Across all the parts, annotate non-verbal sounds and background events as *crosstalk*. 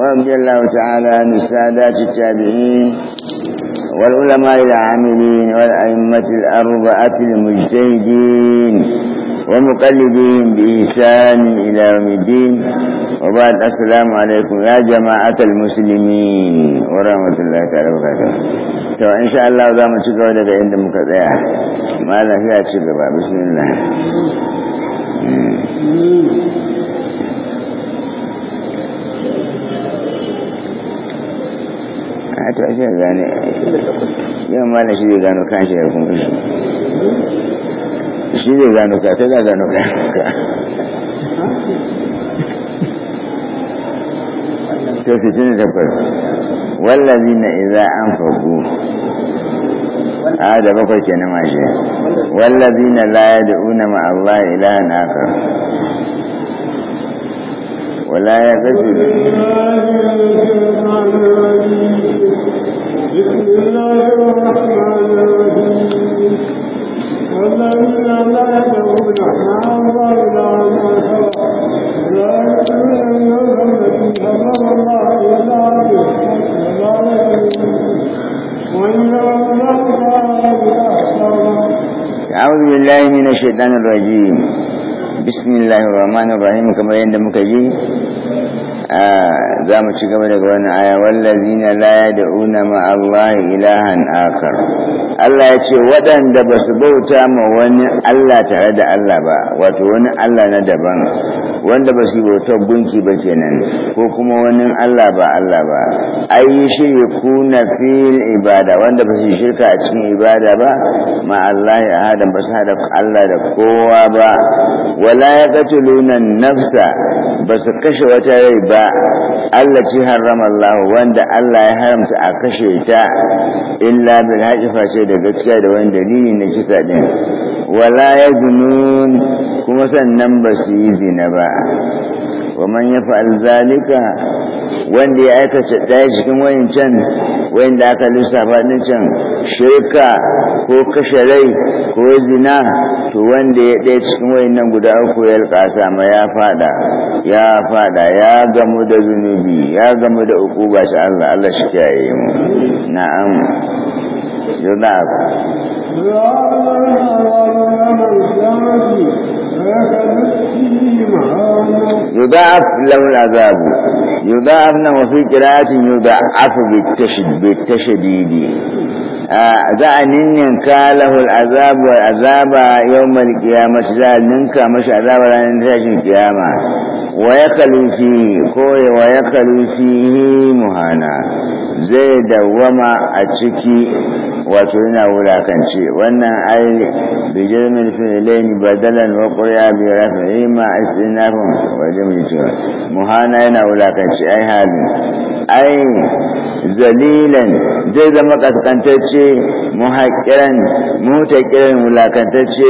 ورضي الله تعالى عن السادات التابعين والعلماء العاملين والأئمة الأربعة المجتهدين ومقلدين بإحسان إلى يوم الدين وبعد السلام عليكم يا جماعة المسلمين ورحمة الله تعالى وبركاته تو إن شاء الله دام ما لك عند مكتئة ما فيها تشبه بسم الله a to ashe gane yawan malam shi zai gano kan shi ya kuma shi zai gano ka ta gano ka to sittin da takwas wallazi na iza an fagu a da bakwai na mashi wallazi na la ya da'una ma'allahi ilahan akar ولا يزدد بسم الله الرحمن الرحيم والذين لا يدعون مع الله إلها آخر لا يدعون من يوم التي حرم الله إلا به وذلك وإن الله أعوذ بالله من الشيطان الرجيم bismillahirrahmanirrahim kamar yadda muka ji za mu ci gaba daga wani aya wallazina la yad'una ma Allah ilahan akar Allah ya ce waɗanda ba su bauta ma wani Allah tare da Allah ba wato wani Allah na daban wanda ba su bauta gunki ba kenan ko kuma wani Allah ba Allah ba ai kuna fil ibada wanda ba su shirka a cikin ibada ba ma Allah ya hada ba su hada Allah da kowa ba wala ya katulunan nafsa ba su kashe wata rai ba Allah ce wanda Allah ya haramta a kashe ta illa bil haƙifa ce da gaskiya da wani dalili na kisa din wala ya kuma sannan ba su yi zina ba wa man ya fa'al zalika wanda ya aikata ɗaya cikin wayancan da aka lissafa din can shirka ko kashe rai ko zina to wanda ya ɗaya cikin nan guda uku ya alƙasa ma ya fada ya fada ya gamu da zunubi ya gamu da uquba shi Allah Allah shi kiyaye mu na'am يضعف yudaa يضاعف له العذاب يضاعف له وفي قراءة يضاعف بالتشديد za a ka lahul azabu wal azaba yawmal qiyamati za a ninka mashi azaba ranar tashin kiyama wa yakalu fi ko wa yakalu fihi muhana zai dawwama a ciki wato yana wulakance wannan ai bi jirmin filain badalan wa qur'a bi rafi'i ma istinafun wa jamilatu muhana yana wulakance ai hali ai zalilan zai zama kaskantacce tabbatacce muhaƙiran mutaƙiran wulaƙantacce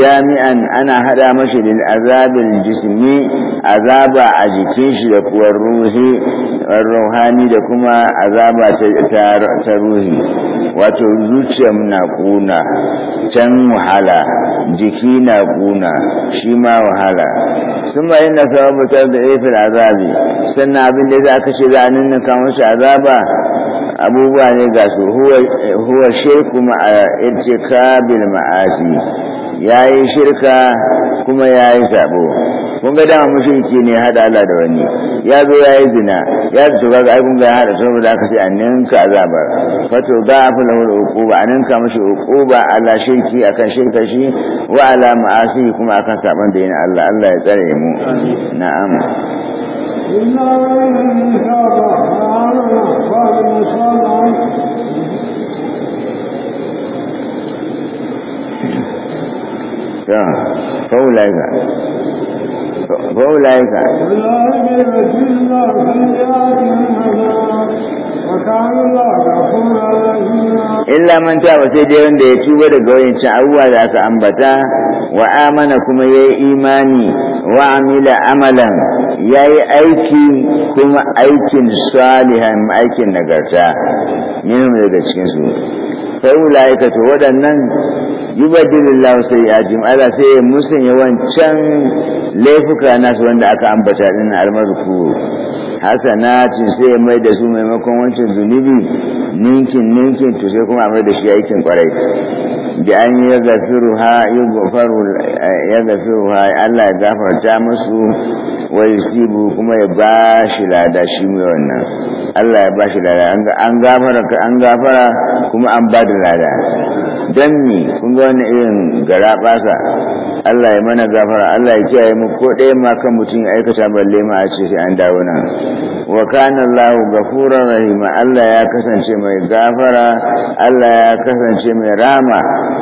jami'an ana haɗa mashi da azabin jismi azaba a jikin shi da kuwa ruhi ruhani da kuma azaba ta ruhi wato zuciya na kuna can wahala jiki na kuna shi ma wahala sun bayan na mutar da efil azabi sannan abin da za ka ce za a nuna kamar shi azaba abubuwa ne ga su huwa huwa shirku ma'a irtikabil ma'asi yayi shirka kuma yayi sabo kun ga dama mushriki ne hada Allah da wani ya zo yayi zina ya zo ga ai kun ga hada saboda aka ce annin ka azaba fato ga afalahu uquba annin ka mushi uquba ala shirki akan shirka shi wa ala ma'asi kuma akan saban da yin Allah Allah ya tsare mu na'am إِنَّ اللَّهَ إِنَّ اللَّهَ فأولئك illa man ba sai dai wanda ya tuba daga wayancin abubuwa da aka ambata wa amana kuma ya yi imani wa amila amalan ya yi aiki kuma aikin salihan aikin nagarta minhum daga cikinsu fa ulaika to waɗannan yubaddilillahu sayyi'atihim ala sai ya musanya wancan laifuka nasu wanda aka ambata din almarku hasanatin sai ya mai da su maimakon wancan zunubi ninkin ninkin to sai kuma a mai da shi aikin kwarai da an ya gafiru ha ya gafiru ha Allah ya gafarta musu wai sibu kuma ya ba shi lada shi mai wannan Allah ya ba shi lada an gafara an gafara kuma an ba da lada don ni kun ga wani irin gara basa Allah ya mana gafara Allah ya kiyaye mu ko ɗaya ma kan mutum ya aikata balle ma a ce sai an dawo nan wa kana Allahu gafura rahima Allah ya kasance mai gafara Allah ya kasance mai rama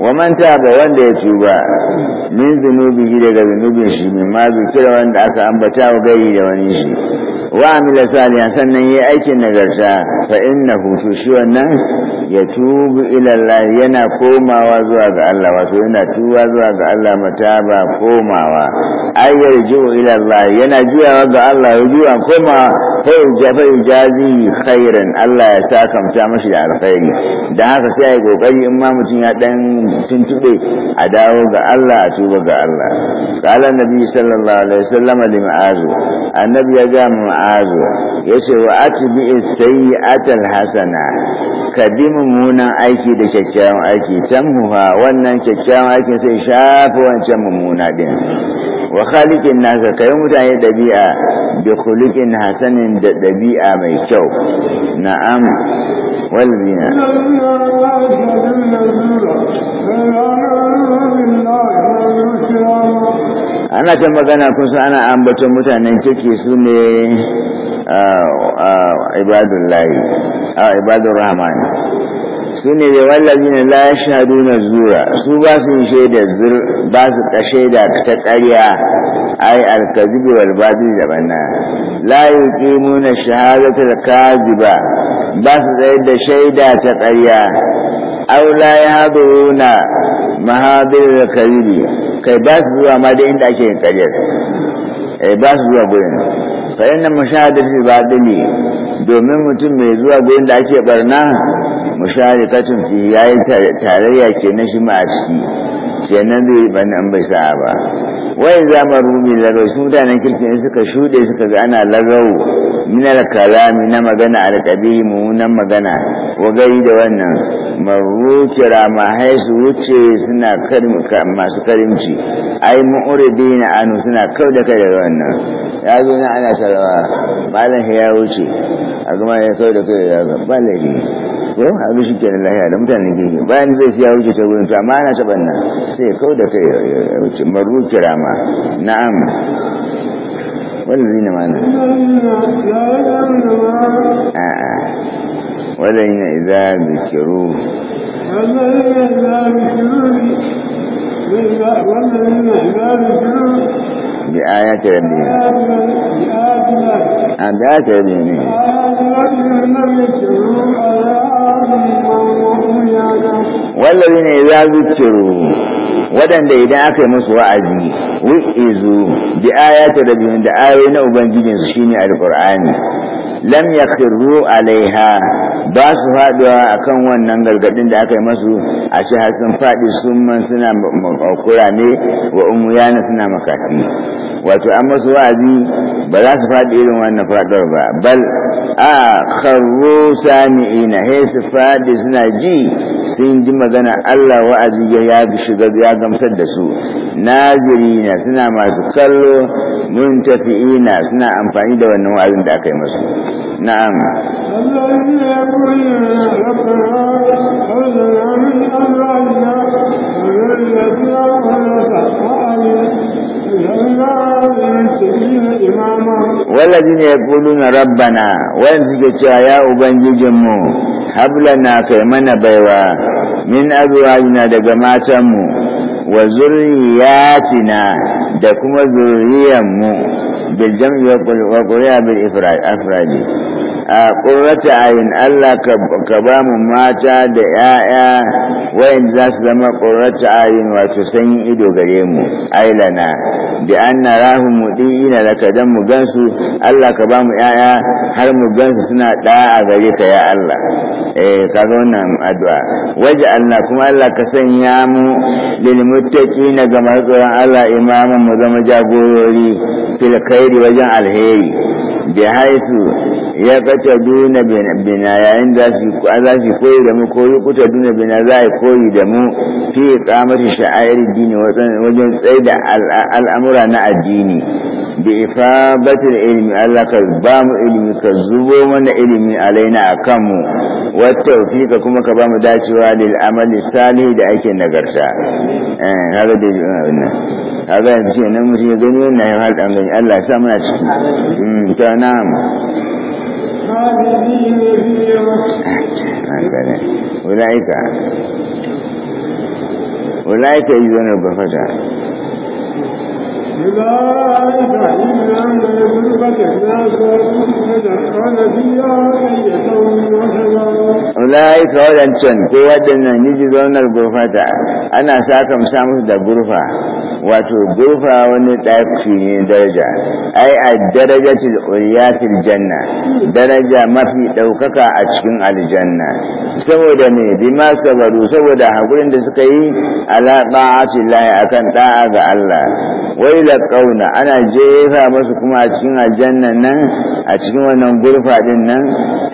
wa man wanda ya tuba min zunubi daga zunubin shi min ma zikira wanda aka ambata wa gari da wani shi wa amila salihan sannan yi aikin nagarta fa innahu su shi wannan ya tubu ila Allah yana komawa zuwa ga Allah wato yana tuba zuwa ga Allah mataba komawa ayyar yarju ila Allah yana juyawa ga Allah juwa komawa sai jafa jazi khairan Allah ya sakamta mashi da alkhairi dan haka sai ai kokari in ma mutum ya dan tuntube a dawo ga Allah a tuba ga Allah qala nabi sallallahu alaihi wasallam limu'azu annabi ya ga mu mu'azu ya ce wa atibi sayyi'atal hasana ka bi mummunan aiki da kyakkyawan aiki huwa wannan kyakkyawan aiki sai shafi wancan mummuna din wa khaliqin nasa kai mutane dabi'a bi khuliqin hasanin da dabi'a mai kyau na'am walbina ana ta magana kun ana ambaton mutanen ciki su ne ibadullahi a ibadun rahman su ne da wallazi ne la shahadu na zura su ba su shaida zur ba su ta shaida ta ƙarya ai alkazibi wal batil da banna la yuqimuna shahadata al kaziba ba su tsayar da shaida ta ƙarya aw la yahduruna mahadir al kazibi kai ba su zuwa ma dai inda ake yin ƙaryar eh ba su zuwa gurin fa inna mushahadatu badili domin mutum mai zuwa gurin da ake barna musharikatun fi yayin tarayya na shi ma a ciki kenan zai yi bane an bai sa'a ba wai zama rumi lagau su mutanen kirkin suka shuɗe suka ga ana lagau minar kalami na magana a alƙabi mummunan magana wa gari da wannan marukira ma haisu wuce suna masu karimci ai mu'uridi na anu suna kau da kai daga wannan ya zo na ana sarawa malam ya wuce a gama ya kau da kai daga balari laifi ko a bishi kenan lahiya da mutanen gini bayan zai siya wuce ta wurin su amma ana taɓa nan sai kau da kai wuce maru kirama na'am wannan zai nema na a'a wadanda yana iza zikiru bi a ya kira ne a ah, bi a kira ne wallahi ne ya zikiru waɗanda idan aka yi musu wa'azi wuizu bi ayati rabbihim da ayoyi na ubangijinsu shine alqur'ani lam yakhiru alaiha ba su faɗuwa a kan wannan gargaɗin da aka yi masu a ce har sun faɗi sun man suna kurame wa yana suna makafi wato an masu wa'azi ba za su faɗi irin wannan faɗuwar ba bal a karro sami'ina he su faɗi suna ji sun ji magana allah wa'azi ya shiga ya gamsar da su nazirina suna masu kallo mun tafi'ina suna amfani da wannan wa'azin da aka yi masu na'am wallazi ne ya kuluna rabbana wanda suke cewa ya ubangijinmu na kai mana baiwa min azuwajina daga matanmu wa zuriyatina da kuma zuriyanmu bil jam'i wa qur'a bil a ƙurrata ayin Allah ka ba mu mata da 'ya'ya, wayan za su zama qurrata ayin wato sanyin ido gare mu ailana bi anna rahu mudina ka dan mu gansu Allah ka ba mu ‘ya’ya har mu gansu suna a gare ka ya Allah eh kaga wannan addu'a waje Allah kuma Allah ka sanya mu lil muttaqina ga mazuran Allah imaman mu zama jagorori fil khairi wajen alheri bi haisu ya kace duna bina yayin da su za su koyi da mu ko yi kuta duna bina za a koyi da mu fi kamata sha'ir dini wajen tsaida al'amura na addini bi ifabatil ilmi Allah ka ba mu ilmi ka zubo mana ilmi alaina akan mu wattaufika kuma ka ba mu dacewa lil amali salih da ake nagarta eh haka da eh, wannan haka yanzu ke nan mutum ya gani wannan ya halɗa mai Allah ya sa muna ciki hmm, ta na'am ah, ulaika ulaika yi zonar bafata أولئك إلا الذين فتحنا سوء الغرفة أنا ساكم سامس wato gofa wani ɗaki ne daraja ai a darajatul til janna daraja mafi ɗaukaka a cikin aljanna saboda bi ma sabaru saboda hakurin da suka yi ala ta'ati a akan ɗa'a ga Allah wai la kauna ana jefa masu kuma a cikin aljanna nan a cikin wannan gurfa din nan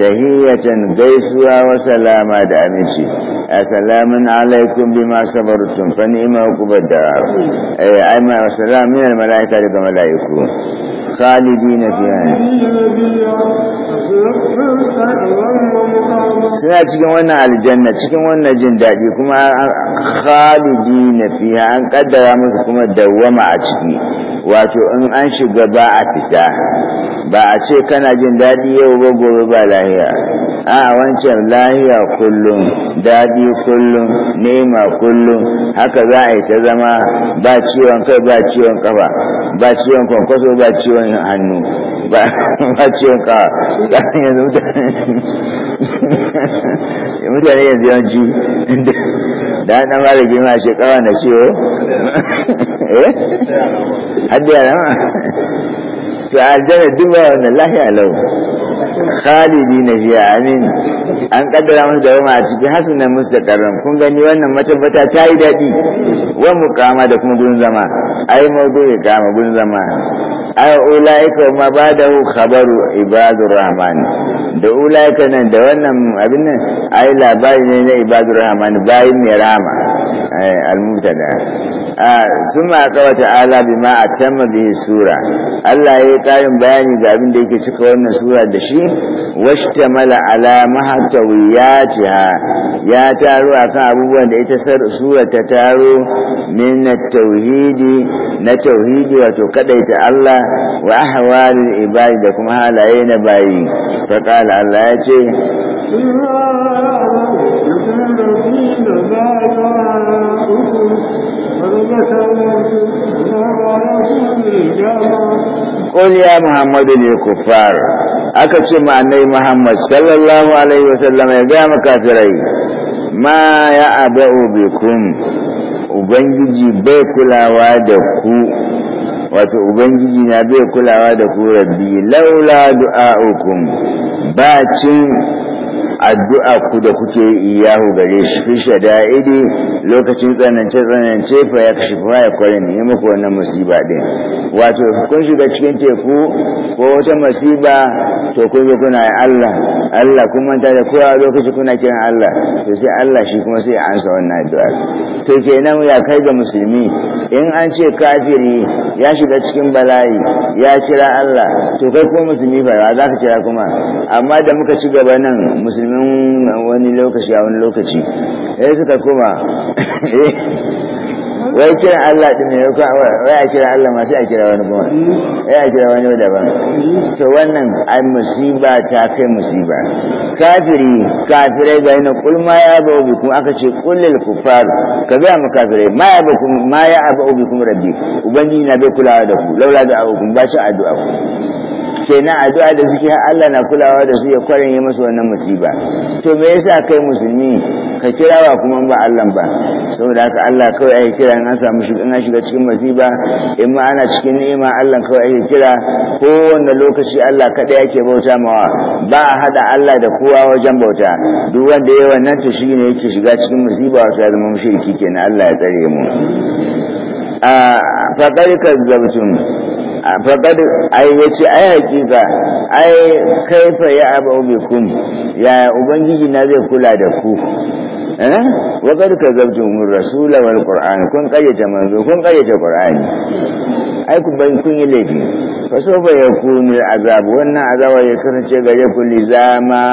tahiyatan gaisuwa wa salama da aminci assalamu alaikum bima sabartum fa ni'ma uqbad ائمه والسلام من min al malaika daga malaiku khalidina suna cikin wannan aljanna cikin wannan jin daɗi kuma khalidina fiha an kaddara musu kuma dawwama a ciki wato in an shiga ba a fita ba a ce kana jin daɗi yau ba gobe ba lahiya a wancan lahiya kullum daɗi kullum nema kullum haka za a yi ta zama ba ciwon kai ba ciwon kafa ba ciwon kwankwaso ba ciwon hannu ba ciwon kawa yanzu mutane yanzu yawanci da an ɗan fara girma shekara na ciwo oh. eh hadda yana ma to aljanna duk ba wannan lahiya lau khalidi na fiya amin an kaddara musu dawama a ciki hasunan mustaqarran kun gani wannan matabbata ta yi daɗi wa mukama da kuma gudun zama ai ya kama gudun zama ai ulaika ma ba hu khabaru ibadur rahman da ulaika nan da wannan abin nan ai labari ne na ibadur rahman bayin mai rahama al suna kawa ta'ala bi ma a tamma bihi sura Allah ya yi ƙarin bayani ga abin da yake cika wannan sura da shi washtamala ala mahatawiyatiha ya taro akan abubuwan da ita sura ta taro min tauhidi na tauhidi wato kadaita Allah wa ahwalul ibadi da kuma halaye na bayi fa kala Allah ya ce Thank you. قل يا محمد للكفار aka مع النبي محمد صلى الله عليه وسلم يا جامع makafirai ما ya aba'u bikum ubangiji bai kulawa da ku wato ubangiji na bai kulawa da ku rabbi laula du'a'ukum ba cin addu'a ku da kuke iyahu gare shi fi shada'idi lokacin tsanance tsanance fa ya kashi fa ya kware ne ya muku wannan musiba din wato kun shiga cikin teku ko wata musiba to kun zo kuna Allah Allah kun manta da kowa lokaci kuna kiran Allah to sai Allah shi kuma sai ya ansa wannan addu'a to kenan ya kai ga musulmi in an ce kafiri ya shiga cikin bala'i ya kira Allah to kai kuma musulmi fa za ka kira kuma amma da muka ci gaba nan musulmin wani lokaci a wani lokaci eh suka koma *coughs* eh. wai kira Allah din ne wai a kira Allah ma sai a kira wani kuma wai a kira wani daban to wannan ai musiba ta kai musiba kafiri kafirai ga ina kul ma ya ba ubi kuma aka ce kullil kufar ka ga mu kafirai ma ya ba kuma ma ya ba ubi kuma rabbi ubangiji na bai kulawa da ku laula da abu kun ba shi addu'a ku na addu'a da suke Allah na kulawa da su ya kwarin yi musu wannan musiba to me yasa kai musulmi ka kirawa kuma ba Allah ba saboda haka Allah kawai ai kira in an samu shi shiga cikin masiba in ma ana cikin ni'ima Allah kawai ake kira kowanne lokaci Allah kaɗai yake bauta mawa ba a haɗa Allah da kowa wajen bauta duk wanda ya wannan to shi ne yake shiga cikin masiba wasu ya zama mushriki kenan Allah ya tsare mu a fakarika zabtun faƙad ai yace ai hakika ai kaifa ya abu bikum yaya ubangiji na zai kula da ku eh ka qad mu rasula wal qur'an kun ƙayyace manzo kun ƙayyace qur'ani ai ku bai kun yi laifi fa so ba yakunu azab wannan azaba ya kasance gare ku lizama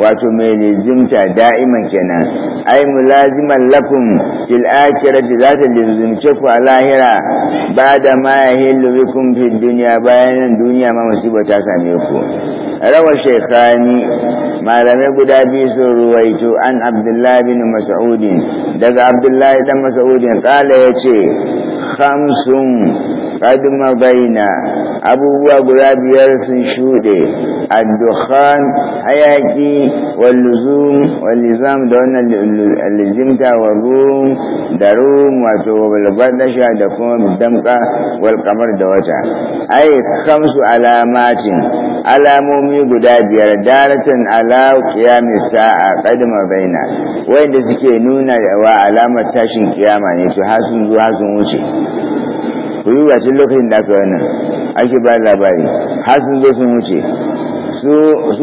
wato mai lizimta da'iman kenan ai mulaziman lakum fil akhirati zata lizimce ku a lahira ba da ma yahillu bikum fid dunya bayan duniya ma musiba ta same ku rawa shekani malamai guda biyu sun ruwaito an abdullahi bin mas'udin daga abdullahi dan mas'udin kala ya ce khamsun قد baina abubuwa guda biyar sun shuɗe addukhan hayaki walluzum wallizam da wannan aljimta wa rum da rum wato balbadasha da kuma damka wal kamar da wata ai kamsu alamatin alamomi guda biyar daratan ala qiyamis sa'a qadma baina wanda suke nuna wa alamar tashin kiyama ne to har sun sun wuce ku yi wacin lokacin da aka wannan ake ba labari har sun zo sun wuce su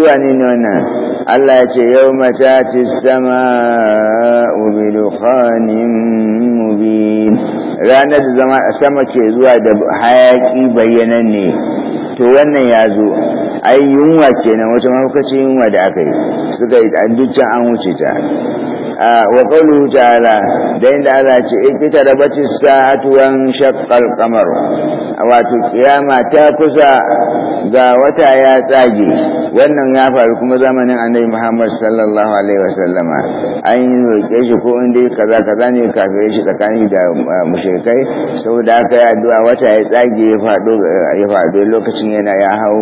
wani ne wannan Allah ya ce yau mata ci sama ubilukhanin mubin ranar da zama sama ke zuwa da hayaki bayyanan ne to wannan ya zo ai yunwa kenan wata mafakacin yunwa da aka yi suka yi an an wuce ta wa qawluhu ta'ala da inda ce, ce fita da bacci sa'atu wan shaqqal qamar wato kiyama ta kusa ga wata ya tsage wannan ya faru kuma zamanin annabi Muhammad sallallahu alaihi wasallama an yi roƙe shi ko inda kaza kaza ne kafin shi tsakani da mushrikai saboda haka yi addu'a wata ya tsage ya faɗo ya lokacin yana ya hau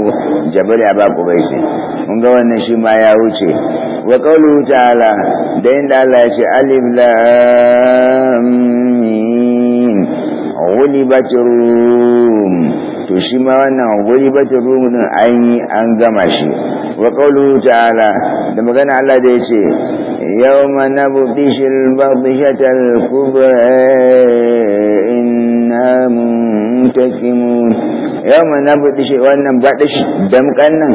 jabal ya ba kubaisi mun ga wannan shi ma ya wuce wa qawluhu ta'ala da inda Allah alif lamin mim rum to shi ma wannan wuli rum din an yi an gama shi wa qawluhu ta'ala da magana Allah da yace yawma nabtishil babishatal kubra inna mun muntakimun yawma nabdishi wannan badashi damkan nan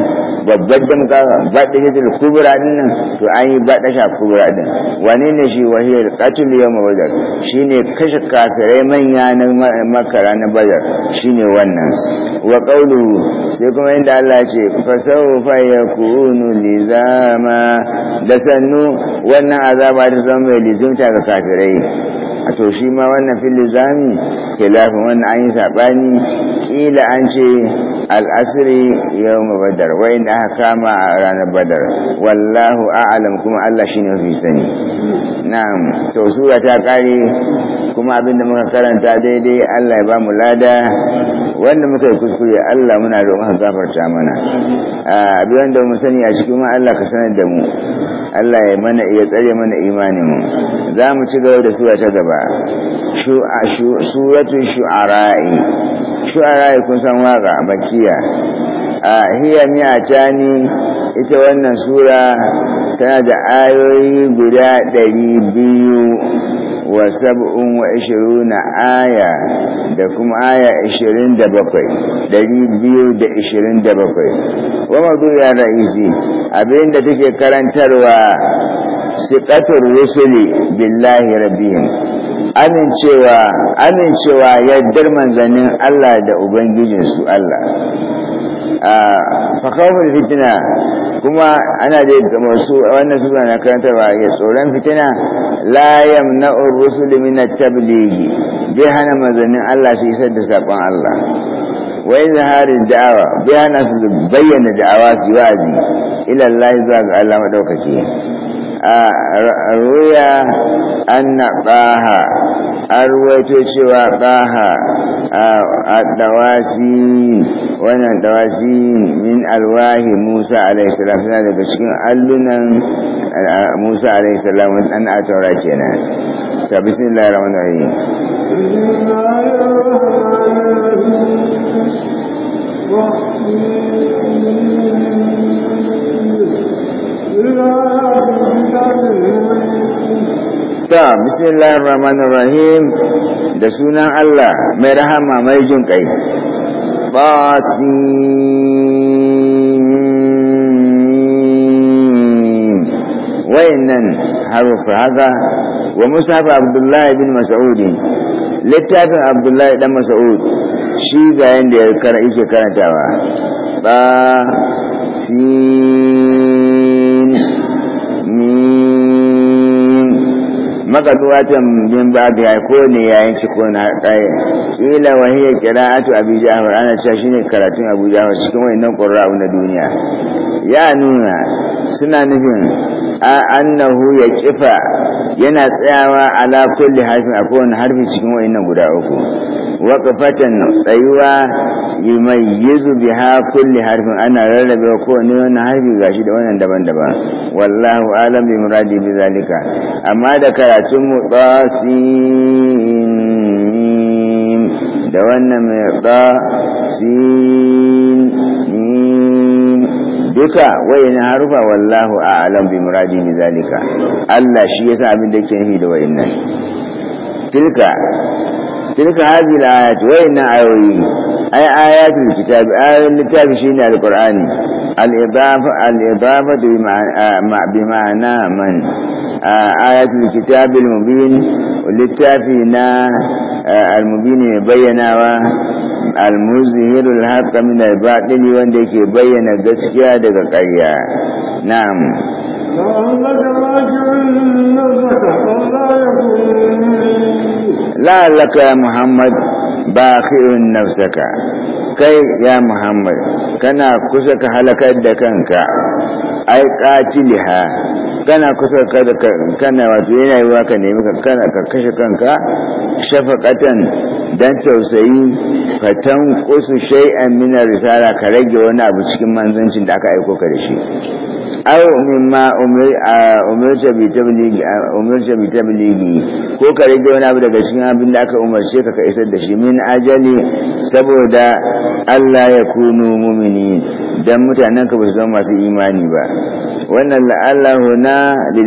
babbar damka shi da kubra din nan to an yi badasha kubra din wani ne shi wahiyar ma yawma shi ne kashe kafirai manya na makara na shi ne wannan wa qawlu sai kuma inda Allah ce fasau sawfa kunu lizama da sannu wannan azaba da zama mai lizumta ga kafirai a to shi ma wannan fil ke khilafin wannan an yi saɓani kila an ce al'asri ma badar wa inda aka kama a ranar badar wallahu a'lam kuma Allah shine mafi sani na'am to sura ta kare kuma abinda muka karanta daidai Allah ya ba mu lada wanda muka yi kuskure Allah muna da ka gafarta mana abu wanda mu sani a cikin Allah ka sanar da mu Allah ya mana iya tsare mana imani mu za mu ci gaba da sura ta gaba suratun shu'ara'i shu'ara'i kun san waka bakiya hiya cani ita wannan sura tana da ayoyi guda ɗari biyu wa sab'un wa ishiruna aya da kuma aya ishirin da bakwai dari biyu da ishirin da bakwai wa mazuya abin abinda take karantarwa siƙatar rusuli billahi rabbihim amincewa amincewa yaddar manzannin Allah da ubangijinsu Allah a fakawar fitina kuma ana da yadda su wannan suna na karantarwa ya tsoron fitina la yamna'ur rusul min at-tablighi bai hana manzannin Allah su isar da sakon Allah wa harin da'awa hana su bayyana da'awa su wa'azi ila Allah zuwa ga Allah maɗaukaki ruya anna ɗaha arwato cewa ɗaha a dawasi wannan dawasi min alwahi musa alaihi salam suna daga cikin allunan musa alaihi salam ɗan a taura kenan ta bismillahir rahmanir rahim Thank you. ta bismillahir rahmanir rahim da sunan Allah mai rahama mai jin kai si wayannan harufa haza wa musaf abdullahi bin Mas'udi littafin abdullahi dan mas'ud shi ga yanda ya karanta yake karantawa ba si makaduwatan bin babu ya ko ne yayin ci ko na tsaye ila wa hiya qira'atu abi jahar ana cewa shine karatun abu ja'far cikin wayannan qurra'u na duniya ya nuna suna nufin a annahu ya kifa yana tsayawa ala kulli harfin a kowane harfi cikin wayannan guda uku fatan tsayuwa yumayyizu biha kulli harfin ana rarrabe kowane wannan harfi gashi da wannan daban-daban wallahu alam bi muradi bi zalika amma da karatun mu tasin da wannan mai tasin duka wayan harufa wallahu a'lam bi muradi bi zalika Allah shi yasa abin da yake nufi da wayannan tilka tilka hadhihi al-ayat wayannan ayoyi ay ayatul kitabi ayatul littafi shine al-qur'ani الإضافة الإضافة آه، بمعنى من آه، آية الكتاب المبين للتافينا آه، المبين بينا المزهر الحق من الباطل وانك بين قسكيا دقا قريا نعم لك يا محمد bakhirun nafsaka kai ya muhammad kana kusa ka halakar da kanka ai qatiliha kana kusa da kana wato yana yi ka nemi ka kana ka kashe kanka shafaqatan dan tausayi ka tanqusu shay'an min risala ka rage wani abu cikin manzancin da aka aiko ka da shi aw mimma umirta bi tabligi umirta bi tabligi ko ka rage wani abu daga cikin abin da aka umarce ka ka isar da shi min ajali saboda Allah ya kunu mumini dan mutanen ka ba su zama masu imani ba wannan la'allahu na dan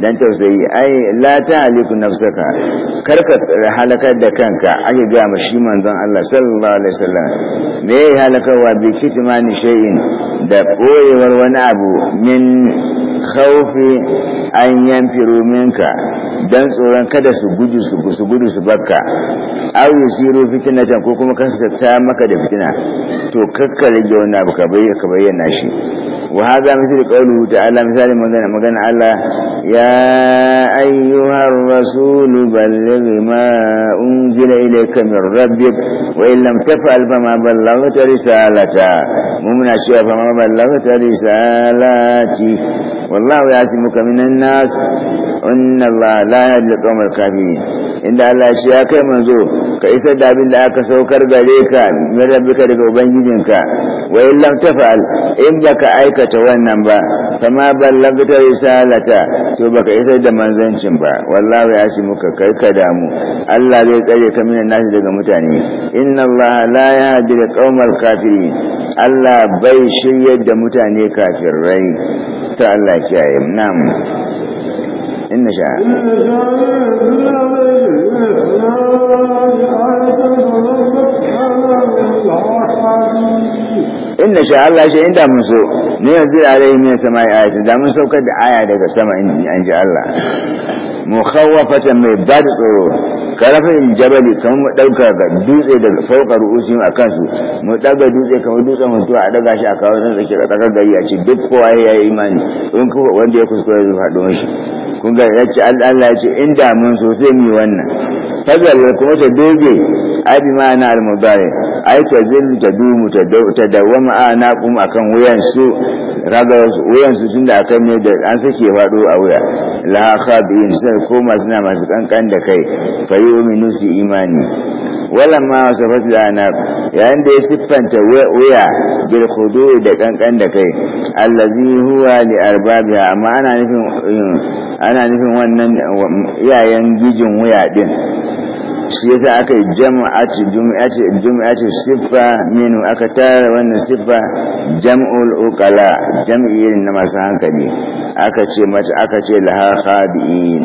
don tausayi ai la ta aliku nafsaka karka halakar da kanka ake ga ma shi manzon Allah sallallahu alaihi wasallam me ya halakarwa bi kitmani shay'in da koyewar wani abu min khawfi an yanfiru minka dan tsoron kada su guji su gudu su bakka aw yusiru fitnatan ko kuma kansa ta maka da fitina to kakka rage baka bai ka bai بينا شيء وهذا مثل قوله تعالى مثال مدن مدن على يا أيها الرسول بلغ ما أنزل إليك من ربك وإن لم تفعل فما بلغت رسالته ممن أشياء فما بلغت رسالتي والله يعصمك من الناس إن الله لا يهدي القوم الكافرين inda Allah shi ya kai manzo ka isa da abin da aka saukar gare ka mai rabbika daga ubangijinka wa in lam in baka aikata wannan ba kama ballagta risalata to baka isa da manzancin ba wallahi ya shi muka kai ka damu Allah zai tsare ka min nan daga mutane inna Allah la yahdi al kafirin Allah bai shiryar da mutane kafirai ta Allah kiyaye na'am in nasha in Allah shi inda mun so ne yanzu da alaihi min sama'i ayatu da mun saukar da aya daga sama an ji Allah mukhawafatan mai ba da tsoro karafin jabali kamar mu ɗauka ga dutse daga faukar ru'usin a kansu mu ɗaga dutse kamar dutsen mutuwa a ɗaga shi a kawo nan da tsakar gari a ce duk kowa ya yi imani in kuma wanda ya kuskure zuwa haɗuwar shi kun ga ya ce Allah ya ce in da sosai mu yi wannan fazal kuma ta doge ai ma ma'ana al ai ta zillu ta dumu ta dawwama ana kuma akan wuyan su raga wuyan su tunda akan ne da an sake faɗo a wuya la khabin ya koma suna masu kankan da kai fayi yi ominu su imani walan ma wasu da ana yayin da ya siffanta wuya bil da kankan da kai allazi huwa li arbabiha amma ana nufin ana nufin wannan iyayen gijin wuya din shi yasa aka yi jama'atu jum'atu jum'atu siffa minu aka tara wannan siffa jam'ul uqala jam'iyyin na masu hankali aka ce mata aka ce laha khadi'in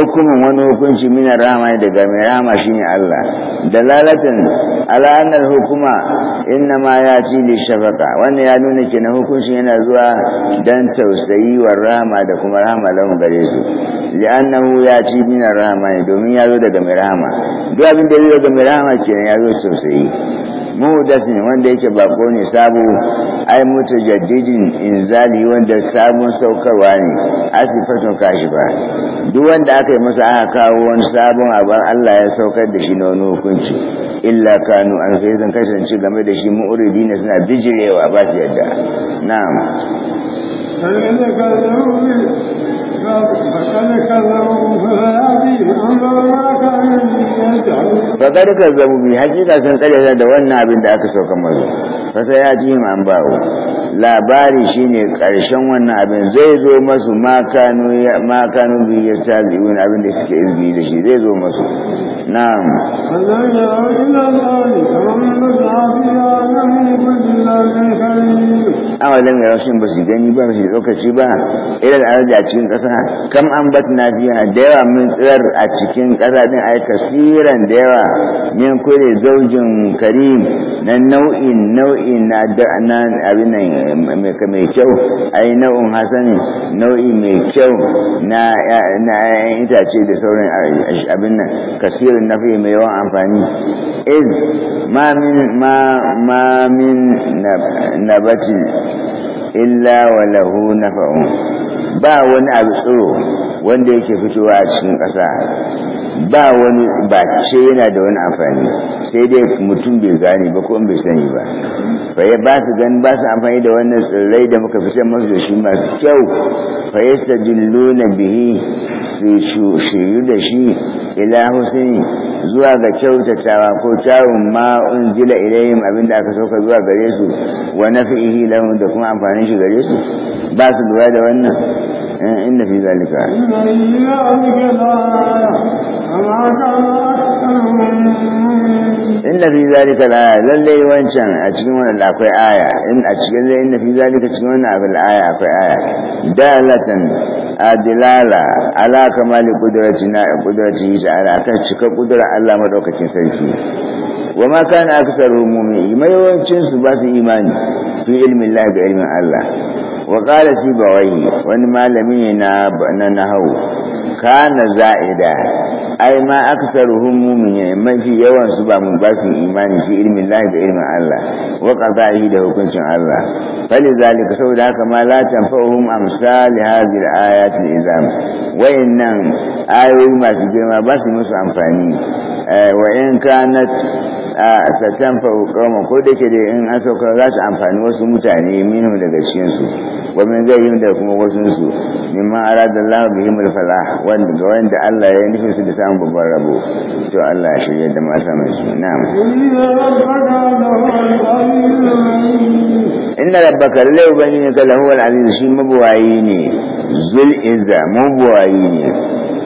hukumin wani hukunci Rama rahama daga mai shi shine Allah da ala al'anar hukuma inna ma ci da shafaka wanda ya nuna kenan hukunci yana zuwa dan tausayi wa Rama da kuma rama lahum gare su li'annahu mina Rama ne domin ya zo daga mai rama duk abin da ya zo daga mai kenan ya zo tausayi muhdathin wanda yake bako ne sabo ai jaddidin inzali wanda sabon saukarwa ne asifatun kashi ba duk wanda aka yi masa aka kawo wani sabon abin Allah ya saukar da shi na wani hukunci illa kanu an sai zan kasance game da shi mu'uridi ne suna bijirewa ba su yadda na'am fakar zabu bi hakika sun karyata da wannan abin da aka sauka mazu fa sai hatihim an bawo labari shine karshen wannan abin zai zo masu makanu kanu ya ma kanu abin da suke izbi da shi zai zo masu na'am Allah awalin ya rashin ba su gani ba su lokaci ba irin arzi a cikin ƙasa kam an bat na fiya da yawa min tsirar a cikin ƙasa din ai kasiran da yawa min kure zaujin karim na nau'in nau'in na da abin nan mai kyau ai nau'in hasani nau'i mai kyau na ‘ya'yan itace da sauran abin nan kasirin na fiye mai yawan amfani iz ma min na batin illa wa lahu nafa'un ba wani abu tsoro wanda yake fitowa a cikin ƙasa ba wani ba ce yana da wani amfani sai dai mutum bai gane ba ko bai sani ba faye ba su gani ba su amfani da wannan tsirrai da muka fitar masu da shi masu kyau faye ta dillo na bihi su shiru da shi ila husini zuwa ga kyautatawa ko kyawun ma'un jila abin abinda aka sauka zuwa gare su wa nafi'ihi lahun da kuma amfanin shi gare su ba su lura da wannan eh, inda fi zalika inda fi zalika Aya, lallai wancan a cikin wannan akwai aya in a cikin zai inda fi zalika cikin wannan da aya akwai aya dalatan adilala ala kamali kudurati na kudrati ta'ala akan cika kudura Allah maɗaukacin sarki wa ma kana aksaru mu'min mai yawancinsu ba su imani fi ilmin Allah da ilmin Allah wa qala sibawayhi wani malami ne na na kana za'ida ai ma aksaruhum mu'minin mafi yawan su ba mun basu imani shi ilmin lahi da ilmin Allah wa qada'i da hukuncin Allah fali zalika saboda haka ma la tanfa'uhum amsal hadhihi al-ayat al-izam wa innan ayoyi masu girma ba su musu amfani eh, wa in kanat ta tanfa'u qawma ko da ke da in an sauka za su amfani wasu mutane minhu daga cikin su wa min gayyun da kuma wasu su mimma arada Allah bihim al-falah wa wanda ga wanda Allah ya nufin su da samun babban rabo to Allah ya shirya da mata mai suna inda rabakar laifin ubangiji ka lahu aziz shi mabuwayi ne zul mabuwayi ne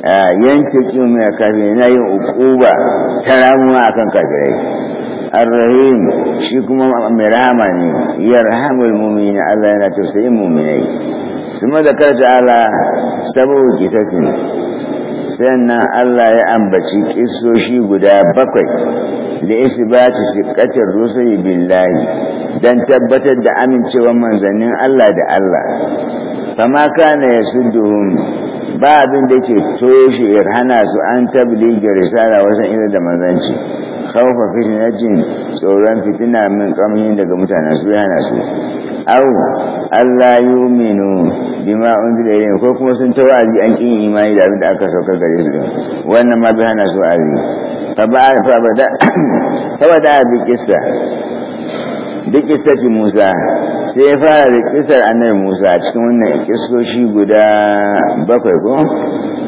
ah, yanke kimi kafin yana yin ukuba ta ramuwa akan kafirai الرحيم شيكم مرامني يرحم المؤمنين الله لا تسعي مؤمنين ثم ذكر تعالى سبو قصص sannan Allah ya ambaci kisoshi guda bakwai da isi ba ta sikatar rusuli billahi don tabbatar da amincewa manzannin Allah da Allah fama kana ya sudduhum ba abin da ke toshe hana su an tabligin risala wasan ina da manzanci khawfa jin tsoron fitina min kamhin daga mutanen su yana su au Allah yu'minu bima unzila ilayhi ko kuma sun ta wa'azi an kin imani da abin da aka sauka gare su wannan ma bai hana su wa'azi fa ba fa da fa da bi kissa kissa ji Musa sai ya fara da kissar annabi Musa a cikin wannan kissoshi guda bakwai ko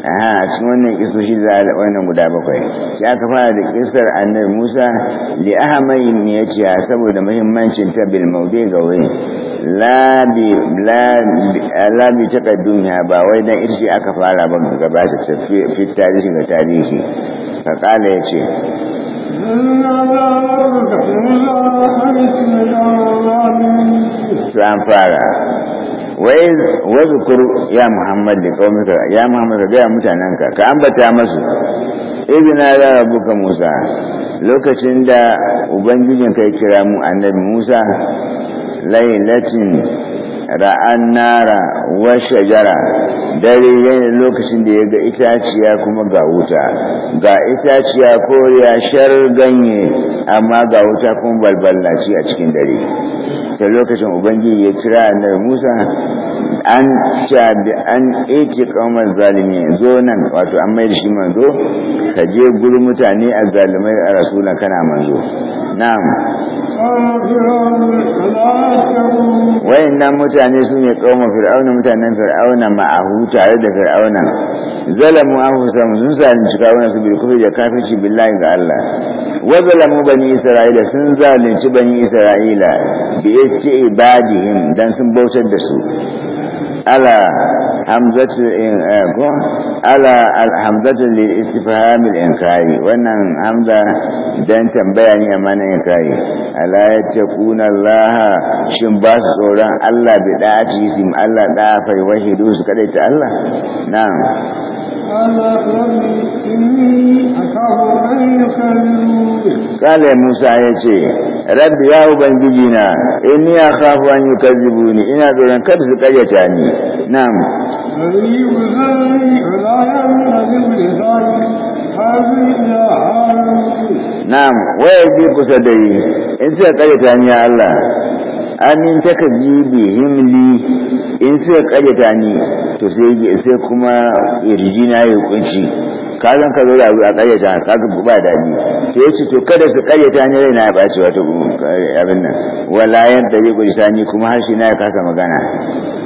a cikin wannan isoshi za a wannan guda bakwai sai aka fara da kisar annabi musa aha mai ne ya ce saboda mahimmancin ta bil maude ga wuri labi ta takardun ya ba wai dan irshi aka fara ba ba ta fi tarihi ga tarihi ka kala ya ce Sun fara wai zukuru ya muhammad da ya muhammad ka gaya mutanenka ka ambata masu izina za rabuka musa lokacin da ubangijin kai kira mu annabi musa lailatin ra'an nara wa shajara dare yayin lokacin da ya ga itaciya kuma ga wuta ga itaciya koriya shar ganye amma ga wuta kuma ci a cikin dare ta lokacin ubangiji ya kira na musa an da an eti kawar zalimi zo nan wato an mai da shi manzo ka je mutane a zalimai a rasula kana manzo na'am nan mutane su ne tsoma fir'auna mutanen fir'auna ma'ahu tare da fir'auna zalamu anfusahum sun zalunci kawuna su bil kufri da kafirci billahi ga Allah wa zalamu bani isra'ila sun zalunci bani isra'ila bi yace ibadihim dan sun bautar da su ala hamzatu ko ala alhamzatu lil istifham al inkari wannan hamza dan tambaya ne amma na inkari ala kuna Allah shin ba su tsoron Allah bi da'ati sim Allah da fa wahidu su kada ta Allah na'am قال موسى يجي rabbi ya ubangiji na in ya khafu an yukazzibu ni ina tsoron kada su karyata ni na'am na'am waya bi kusa da yi in suka kare ta hanyar Allah amin ta ka ji bi himli in suka karyata ni to sai kuma irji na ya kunci ka zan ka zaura a karyata ka ga ba daɗi to yace to kada su karyata ni na ya ɓaci wato abin nan wala yan da ji Sani kuma harshe na ya kasa magana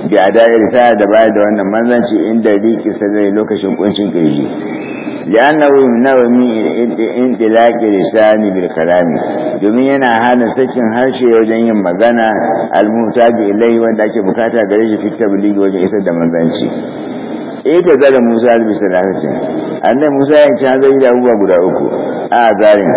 bi adai ta da baya da wannan manzanci inda riki sai lokacin kuncin kirji لأنه يمنع من انطلاق لسان بالكلام domin yana hana sakin harshe wajen yin magana almuhtaji ilai wanda ake bukata gare shi fitta biligi wajen isar da manzanci ita eh, ka zara musa albi salafatin annan musa ya ci hanzari da abubuwa guda uku a zarin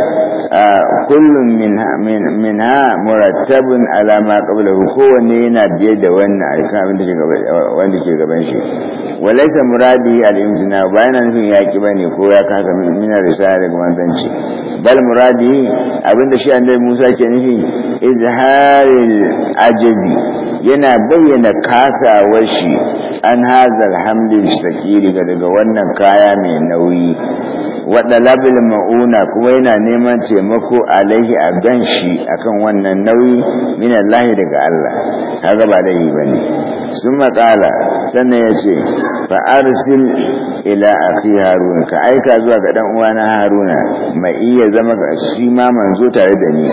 kullum min ha murattabun alama qablahu kowanne yana biye da wannan alkan abin da ke gaban shi walaisa muradi al'imtina ba yana nufin yaki bane ko ya kasa da risala da manzanci bal muradi abinda shi dai musa ke nufi izharil ajabi yana bayyana kasawar shi an hazal hamdin sakiri ga daga wannan kaya mai nauyi wadda labil ma'una kuma yana neman taimako alaihi a gan akan wannan nauyi minan lahi daga Allah kaga ba laihi bane sun matsala sannan ya ce fa arsil ila fi Haruna, ka aika zuwa ga dan uwana haruna mai iya zama ga shi ma manzo tare da ni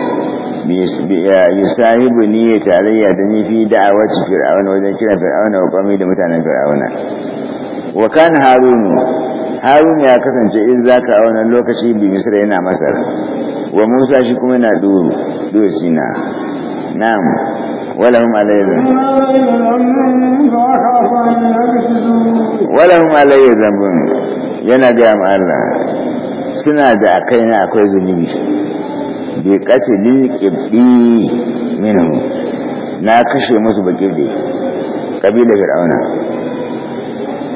yi sahibu ni ya tarayya da ni fi da'awar fir'auna wajen kiran fir'auna wa kwami da mutanen fir'auna wa kana harunu harunu ya kasance in zaka a wannan lokaci bi misr yana masar wa musa shi kuma yana duru duru sina na'am walahum alayhi walahum alayhi zambun yana ga mu Allah suna da akai na akwai zunubi bi qatlil qibdi minhu na kashe musu bakirde kabila fir'auna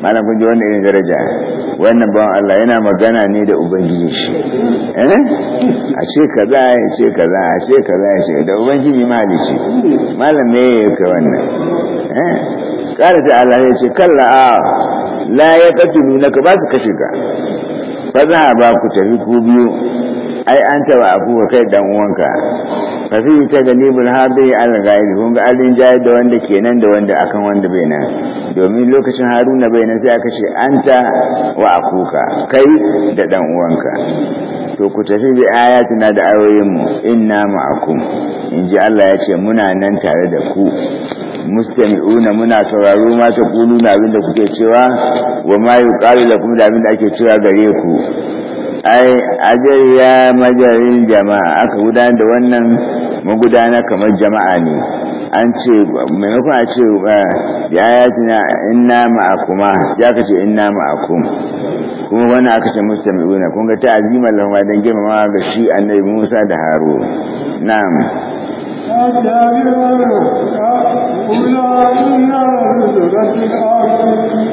malam kun wanda irin daraja wannan bawan Allah yana magana ne da ubangiji shi eh a ce kaza ya ce kaza a ce kaza ya ce da ubangiji shi malam me yake wannan eh kare ta Allah ya ce kalla a la ya katulu naka ba su kashe ka fa za ba ku tafi ku biyu ai an taba abu kai dan uwanka fa fi ta galibul hadi al ghairi kun ga alin jayi da wanda kenan da wanda akan wanda bai nan domin lokacin haruna bai nan sai aka ce anta wa akuka kai da dan uwanka to ku tafi bi ayatina da ayoyin mu inna ma'akum ji Allah ya ce muna nan tare da ku mustami'una muna sauraro ma ta kuluna abinda kuke cewa wa ma yuqalu lakum da abinda ake cewa gare ku ai ya majarin jama'a aka gudanar da wannan magudana kamar jama'a ne an ce maimakon a ce eh, ya ji na inna ma'akuma ya ka ce inna ma'akum kuma wani aka ce musta mai wuna kun ga ta azimar lafawa don girmama ga shi annabi musa da haro na'am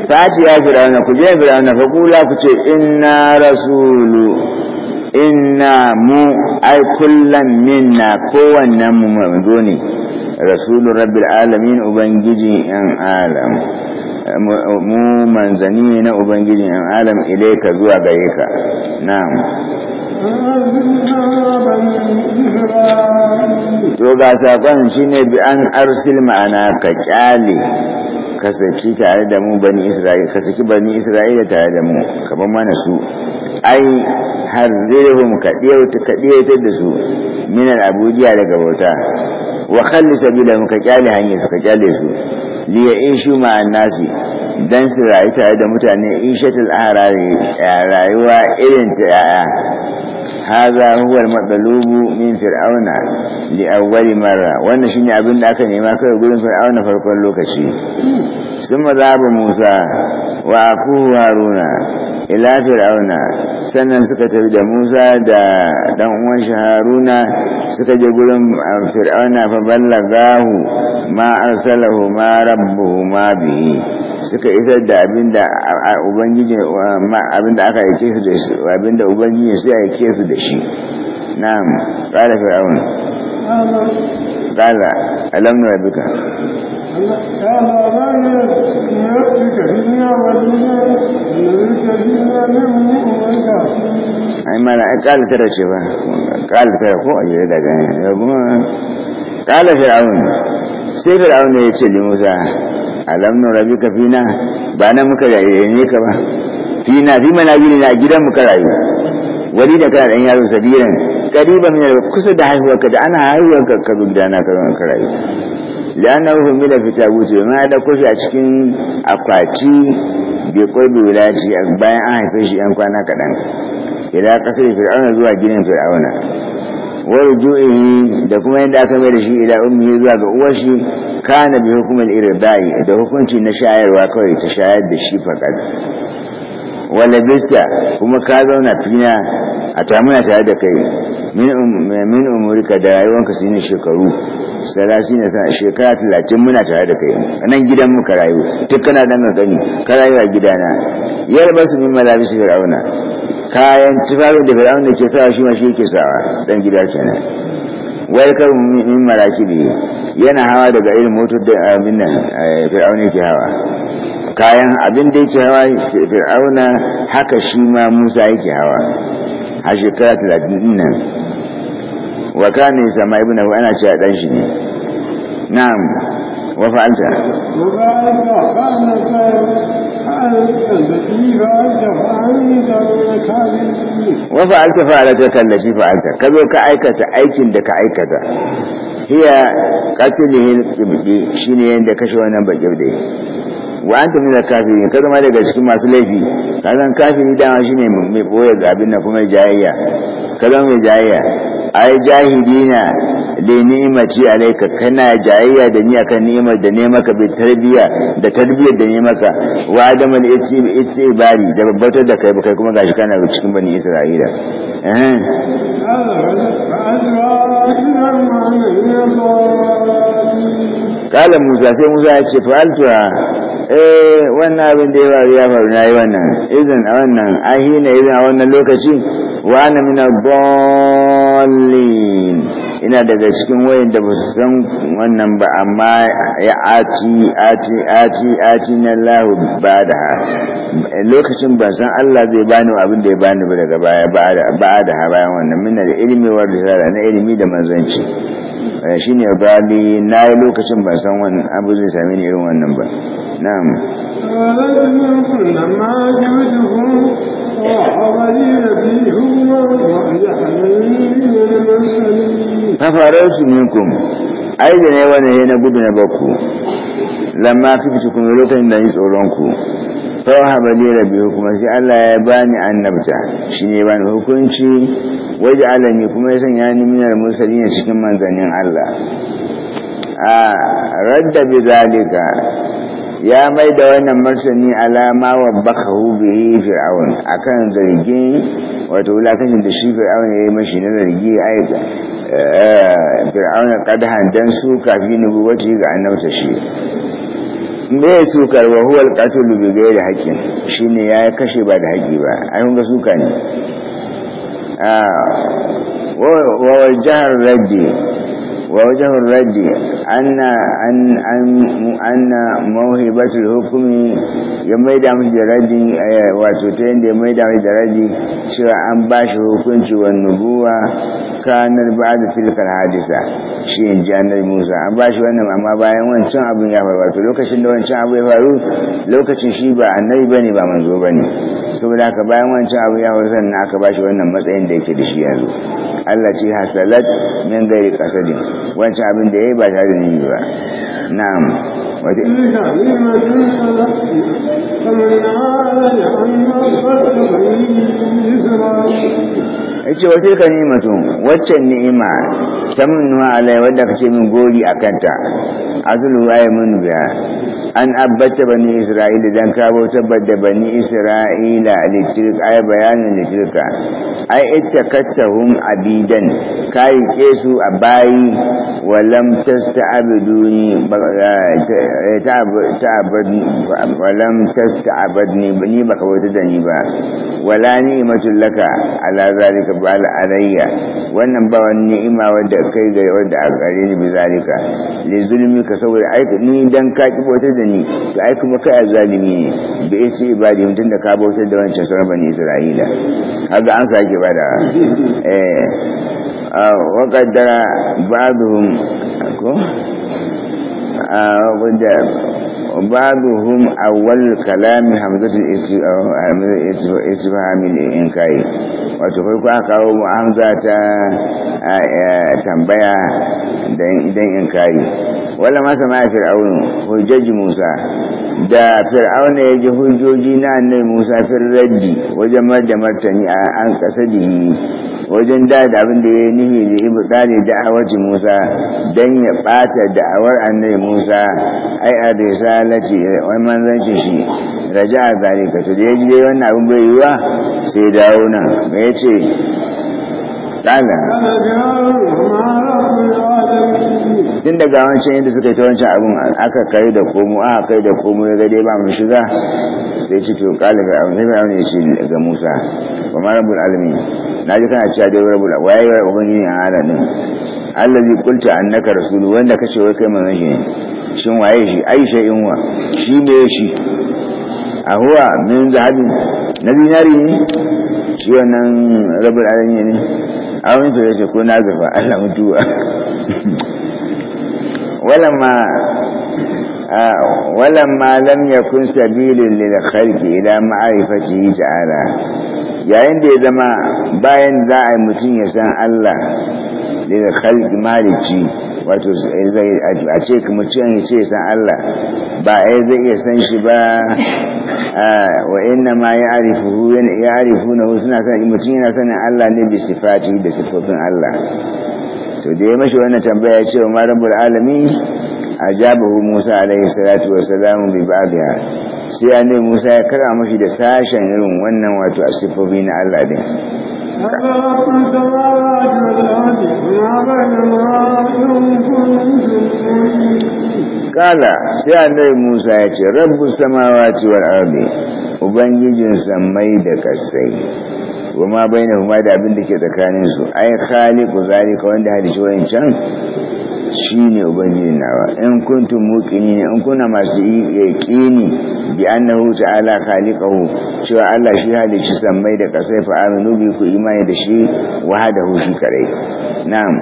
fati ya fi rauna, ku je rauna, fa kula ku ce inna rasulu inna mu ai kullum minna kowannen mu mazo ne rasulun rabbil alamin ubangiji yan alam mu manzani ne na ubangiji in alam ka zuwa gare ka na'am to ga sakon shine bi an arsil ma'ana ka kyale ka saki tare da mu bani isra'ila ka saki bani isra'ila tare da mu kamar mana su ai har mu ka ka da su minar al daga bauta wa khalli sabila mu ka kyale hanyar su ka kyale su liya'ishu ma'an nasi dan su rayu tare da mutane ishatul arari eh, rayuwa irin ta yaya haza huwa al min fir'auna li awwali marra wannan shine abin da aka nema kai gurin fir'auna farkon lokaci ثم Musa wa وأخوه Haruna ila Fir'auna sannan suka tafi da Musa da dan uwan shi Haruna suka je gurin Fir'auna fa ballagahu ma arsalahu ma rabbuhu ma bihi suka isa da abinda ubangiji abinda aka aike su da shi abinda ubangiji sai aike su da shi na'am qala fir'aun qala alam nurabbika ai mana ai kala tara ce ba kala tara ko a jere daga ya kuma kala fir'aun sai fir'aun ya ce li musa alam nu rabbika fina ba na muka rayu ne ka ba fina fi mana gini na gidan muka rayu wani da kana dan yaro sabiran kariban min kusa da haihuwarka da ana haihuwarka ka zo ka zo ka rayu lana humila da fita domin ma da shi a cikin akwati bai kwabi wulaci bayan an haife shi yan kwana kaɗan idan kasar fir'auna zuwa ginin fir'auna wa ruju'ihi da kuma yadda aka mai da shi ila ummi zuwa ga uwar shi kana bi hukumul irda'i da hukunci na shayarwa kawai ta shayar da shi faqad wala bista kuma ka zauna fina a ta muna tare da kai min um, umurka da rayuwanka su ne shekaru salasi na shekara talatin muna tare da kai nan gidan muka rayu duk kana dan gani ka rayu a gidana yar ba su min malabisi fir'auna kayan tufafin da fir'auna ke sawa shi ma shi yake sawa dan gida kenan wai kar min marakibi yana hawa daga irin motar da abin nan eh, fir'auna ke hawa kayan abin da yake hawa fir'auna haka shi ma musa yake hawa a shekara talatin nan wa kana sama ibnu ana cewa dan shi ne na'am wa fa'alta wa fa'alta fa'alata kallati fa'alta ka zo ka aikata aikin da ka aikata hiya qatlihi al-ibdi shine yanda kashe wannan bakin da wa anta min kafirin ka zama daga cikin masu laifi ka zan kafiri dama shine mai boye abin nan kuma jayayya ka zama mai jayayya ai jahidina li ni'mati alayka kana jayayya da ni akan ni'imar da ne maka bi tarbiya da tarbiyar da ne maka wa adamal bari da babbatar da kai kai kuma gashi kana cikin bani isra'ila eh قال موسى سي موسى يا ce eh wannan abin da ya faru ya faru na yi wannan izin a wannan ahi na izin a wannan lokaci wa na mina bolin ina daga cikin wayan da ba su san wannan ba amma ya aci aci aci aci na lahu ba da ha lokacin ban san Allah zai bani abin da ya bani ba daga baya ba da ha bayan wannan mina da ilimi wa risala na ilimi da manzanci eh, shine bali na yi lokacin ban san wannan abu zai same ni irin wannan ba نعم قال ابن لما جئتهم وعرضي به ويحملني ففررت منكم ai da ne wani na gudu na baku. lamma kafa cikin lokacin da ni tsoronku sau haɓa lera biyu kuma sai Allah ya bani annabta shi ne bani hukunci waje alani kuma ya sanya ni minar musulmi cikin manzanin Allah a radda bi zalika ya mai da wannan martani alama wa baka bihi fir'aun kan zargi wato wulakacin da shi fir'aun ya yi mashi na zargi ai eh, fir'aun kad handan su kafi yi ga annabta shi me ya suka wa huwa alqatul da ghairi shi ne ya kashe ba da haƙi ba a yi suka ne ah, wa jihar rabbi ووجه الرد أن أن أن أن موهبة الحكم يميد عمد الرد وتتين يميد عمد الرد سوى أن باش حكم والنبوة كان بعد تلك الحادثة شيء جان الموسى أن باش وانا ما باين وان سن أبن يفعل واتو لو كشن لو سن أبن يفعل لو كشن شيبا أن بني با منزو بني saboda haka bayan wancan abu ya faru sannan aka bashi wannan matsayin da yake da shi yanzu Allah ce hasalat min gairi wancan abin da ya yi ba tare da yi ba na'am waje yace wace ka nimatu waccan ni'ima tamnu alai wadda ce min gori a kanta azulu ay mun biya an abbata bani isra'ila dan kabo bautar da bani isra'ila litirka ay bayanin litrika ai ittakattahum abidan kai kesu a bayi walam tasta'abiduni eh, Eh, walam taska abadni ni baka bauta da ni ba wala ni'matu laka ala zalika bal alayya wannan ba wani ni'ima wanda kai ga wanda a gare ni bi zalika li zulmi ka saboda ai ni dan ka ki bauta da ni to ai kuma kai azalimi ne bi isi ibadi mutun da ka bauta da wancan sarban Isra'ila kaga an sake bada eh wa qaddara ba'dhum ko وبعضهم أول كلام حمزة الإسفهام الإنكاري وتفرق أقاوم حمزة تنبيع دين إنكاري wala masa ma fir'aunu hujjaji musa da fir'auna ya ji hujjoji na annabi musa fir raddi wajen da martani a an kasadihi wajen da da abin da ya nihi da ibu tsari da'awacin musa don ya bata da'awar annai musa ai a risalati wani manzancin shi raja a zalika to da ya ji wannan abin bai yiwa sai dawo nan me ya ce ɗana din daga wancan yadda suka yi ta wancan abin aka kai da komo aka kai da komo ya gade ba mu shiga sai ci to kala ga abin sai abin ya ce ga musa ba ma rabu alami na ji kana cewa dai da waye wa ubangiji a Allah din allazi an annaka rasulu wanda ce wai kai manzon shi ne shin waye shi aisha wa shi ne shi a huwa min zahabi na dinari ne shi wannan rabu alami ne awon to yake ko na zuba Allah mu ma walamma walamma lam yakun sabilin lil khalqi ila ma'rifati ta'ala yayin da ya zama bayan za a yi mutum ya san Allah lil khalqi maliki wato a ce kuma ciyan ya ce san Allah ba a zai iya san shi ba wa inna ma ya arifu ya arifu na wasu na sanin mutum yana sanin Allah ne bi sifati da sifofin Allah to da ya mashi wannan tambaya ce wa marabul alami a ajabahu Musa alaihi salatu wa salamu bi ba'dha sai ne Musa ya kara mashi da sashen irin wannan wato sifofi na Allah din Kala sai annabi Musa ya ce, Rabbu samawa ciwar arzi, Ubangijin samai da kasai, kuma bai na kuma da abin da ke tsakaninsu, ai, Khaliku zalika wanda halishi can? shi ne ubangiji ba in kuntum muqini in kuna masu yaqini bi annahu ta'ala khaliquhu cewa Allah shi halicci sammai da kasai fa aminu bi ku imani da shi wahdahu shi kare na'am